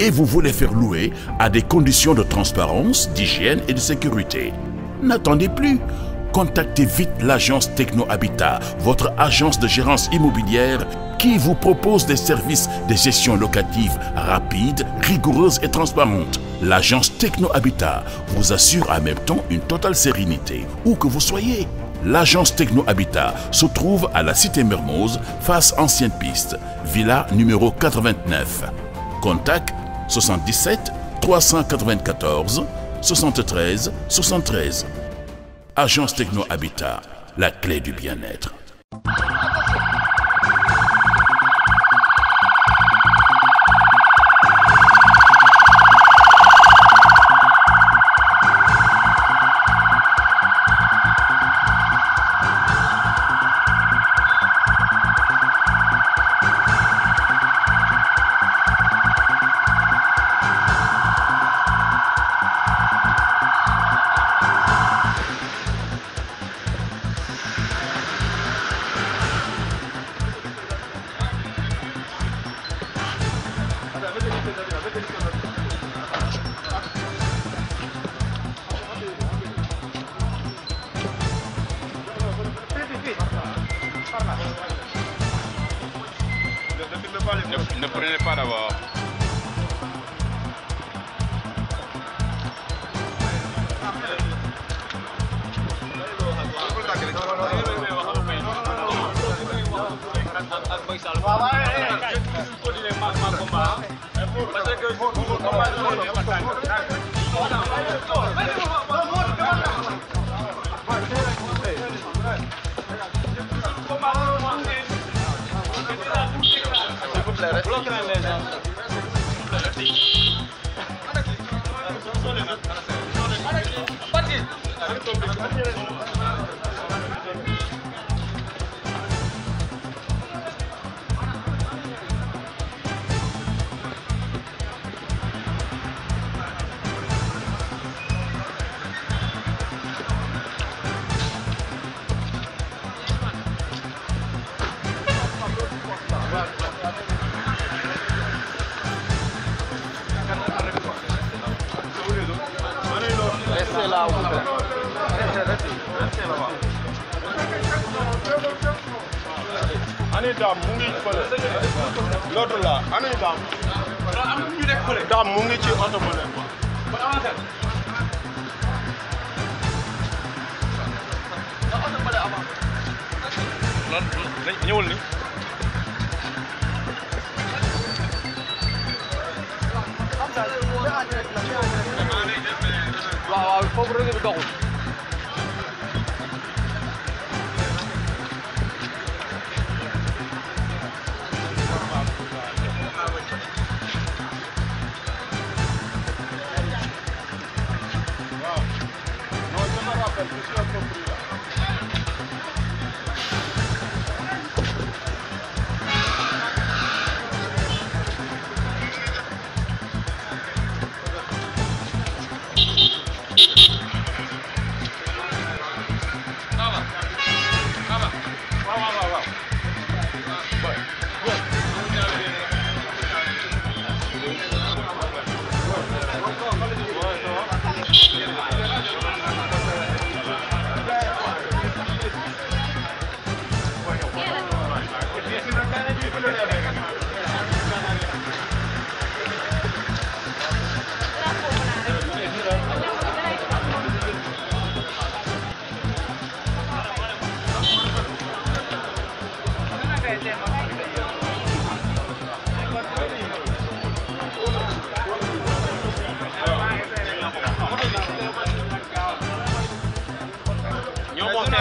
et vous voulez faire louer de transparence, d'hygiène et de sécurité. N'attendez plus. Contactez vite l'agence Techno de gérance immobilière qui vous propose des services de gestion locative rapide, rigoureuse et transparente. L'agence Techno Habitat vous assure en même temps une totale sérénité, à la cité Mermoz, face ancienne piste, villa numéro 89. Contact 77 394 73 73. Agence Techno Habitat, la clé du bien-être. pas les ne, ne prenez pas d'abord. Parce que Bloklayın beni. Hadi. Hadi. Hadi. Hadi. restez là où vous mu ngi ci oto ba leen quoi. ni over the middle.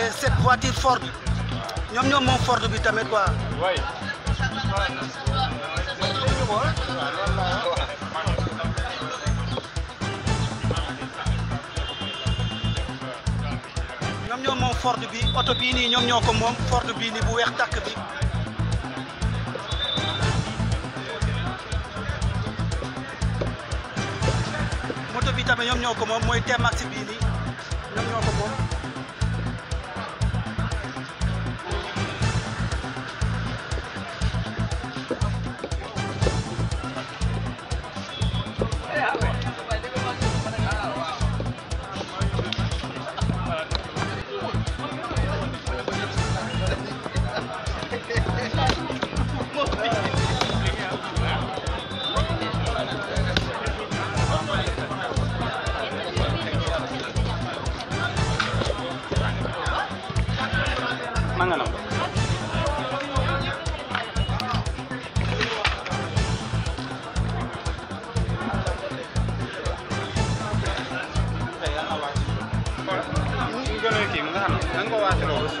et cette voiture Ford ñoom ñoom moom Ford bi tamit ñoom ñoom moom bi oto bii nii ñoom ñoo moom Ford bii bu weex tàkk bi. moto bi tamit ñoom ñoo moom mooy T-Max ñoom ñoo moom.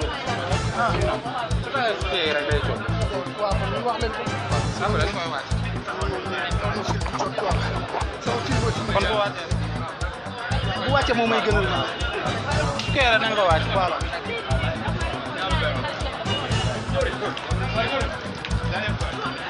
kon bu wàccee bu wàccee moom may gënal ma kee rek nañ ko wàcc voilà. Thank you.